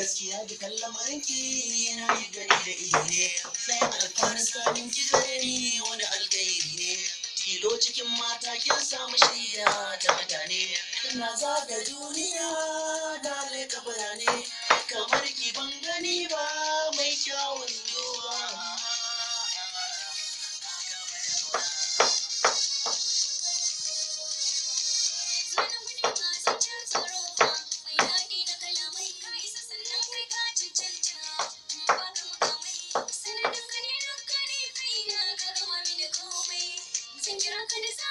gaskiya da kallon marinki na yi gani da ido ne tsayin alfarin samun ki da ni wani alkairi ne kilo cikin mata kin samu shirya ta mutane na zaga duniya Sinceramente,